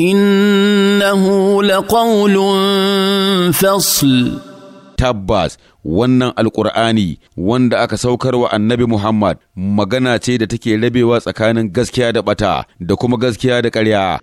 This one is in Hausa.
إنه لقول فصل tabbas wannan alkur'ani wanda aka saukar wa annabi Muhammad magana ce da take rabewa tsakanin gaskiya da bata da kuma gaskiya da ƙarya